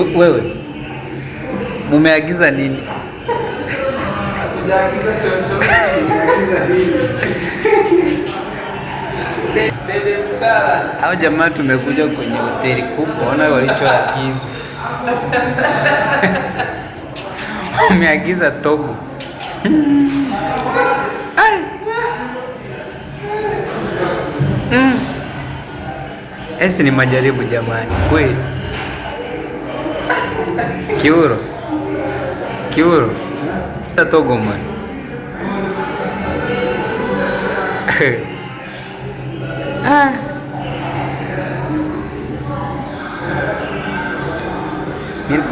wewe mumeagiza nini? Hao jamaa tumekuja kwenye hoteli kubwa, ona walichoagiza. Umeagiza togo. Mm. Esi ni majaribu jamani, kweli. Kiuro. Kiuro. Tá Togo, man. ah.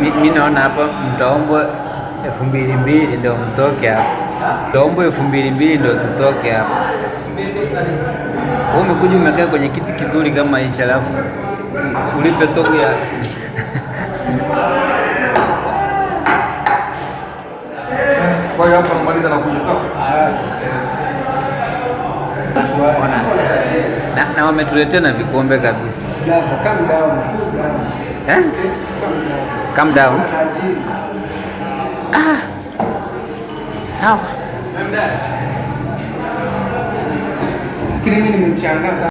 Mimi naona hapa mtaombwa elfu mbili mbili ndio mtoke hapa. Mtaombwa elfu mbili mbili ndio tutoke hapa. Umekuja umekaa kwenye kiti kizuri kama hichi, alafu ulipe togo ya Kwa hiyo hapa namaliza na kuja sawa. Na, na wametuletea na vikombe kabisa. Eh? Come down. Eh? down. Ah. Sawa. Lakini mimi nimemshangaza sana.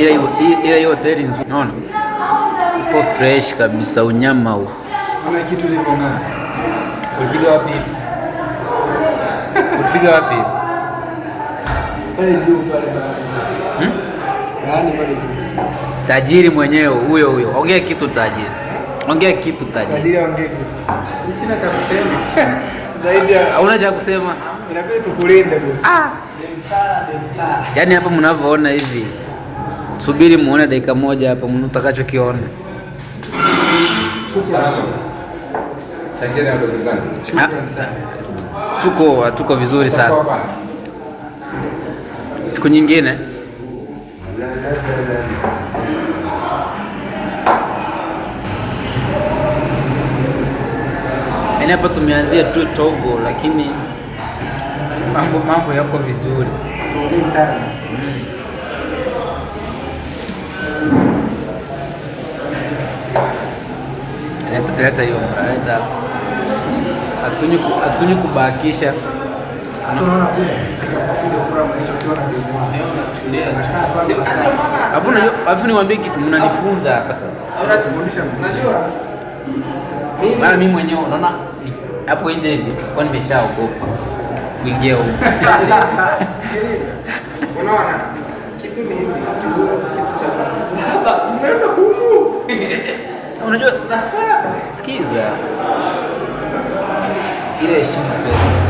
Ile hiyo hoteli nzuri, unaona uko fresh kabisa, unyama huo. kuna kitu liko ngapi? Ulipiga wapi? Ulipiga wapi? Pale juu pale pale. Hmm? Yaani pale juu. Tajiri mwenyewe huyo huyo. Ongea kitu tajiri. Ongea kitu tajiri. Tajiri ongea kitu. sina cha kusema. zaidi ya hauna cha kusema, inabidi tukulinde tu. Ah, demsala demsala, yaani hapa mnavyoona hivi, subiri muone dakika moja hapa mtakachokiona. Ah, tuko tuko vizuri sasa, siku nyingine yaani hapa tumeanzia tu Togo, lakini mambo mambo yako vizuri sana. Mm. Leta hiyo mraleta, hatunywi kubakisha hapo. Niwaambie kitu, mnanifunza hapa sasa maana mimi mwenyewe unaona hapo nje hivi kwa nimeshaogopa kuingia huko. Unaona kitu ni hivi, kitu cha baba, tunaenda huku. Unajua, sikiza ile heshima pesa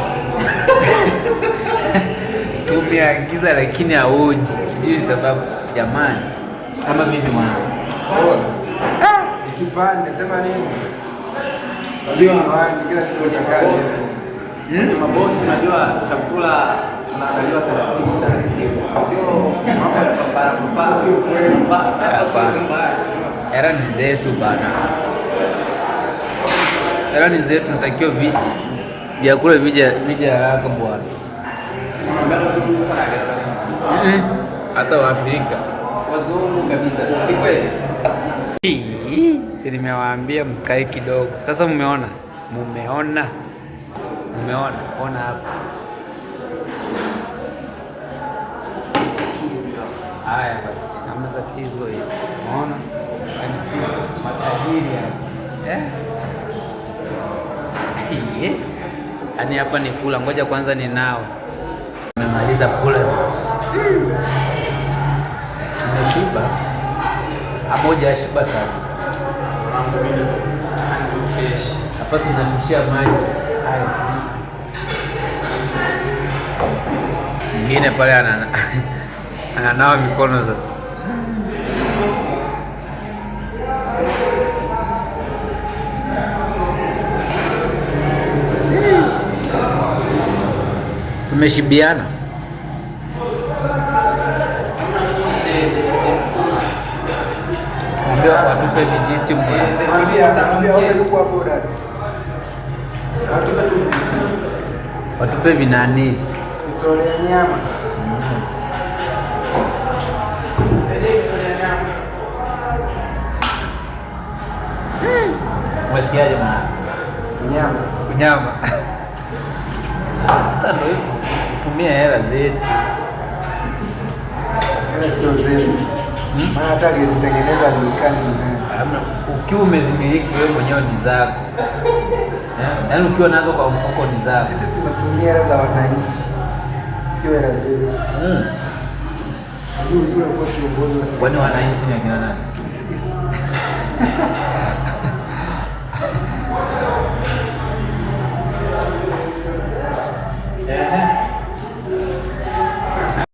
agiza lakini aoji, sijui sababu. Jamani, kama vipi mwana eh! nikipanda sema nini? mabosi. Hmm? Najua chakula tunaangaliwa taratibu taratibu, sio Era zetu bana, era zetu, natakiwa viji vyakula vija vija haraka bwana. Mm-hmm. hata Waafrika wazungu kabisa, si kweli? Si nimewaambia mkae kidogo. Sasa mmeona, mmeona, mmeona, ona hapa. Haya basi, hamna tatizo hiyo. Unaona kanisa matajiri hapa, eh? Eh? yaani hapa ni kula. Ngoja kwanza ninao tumemaliza kula sasa, tumeshiba. Amoja ashiba kali hapa, tunashushia maji haya. Mwingine pale ananawa mikono sasa. Tumeshibiana. watupe vijiti watupe vinani Umesikiaje mwana? Unyama. Unyama. Sasa ndio hivyo. Tumia hela zetu. Hela sio zetu. Hmm? maana hata alizitengeneza dukani. Ukiwa umezimiliki wewe mwenyewe ni zako, eh? yaani ukiwa nazo kwa mfuko ni zako. Sisi tunatumia hela za wananchi, sio hela zetu. Hmm. Kwani wananchi ni akina nani? Sisi.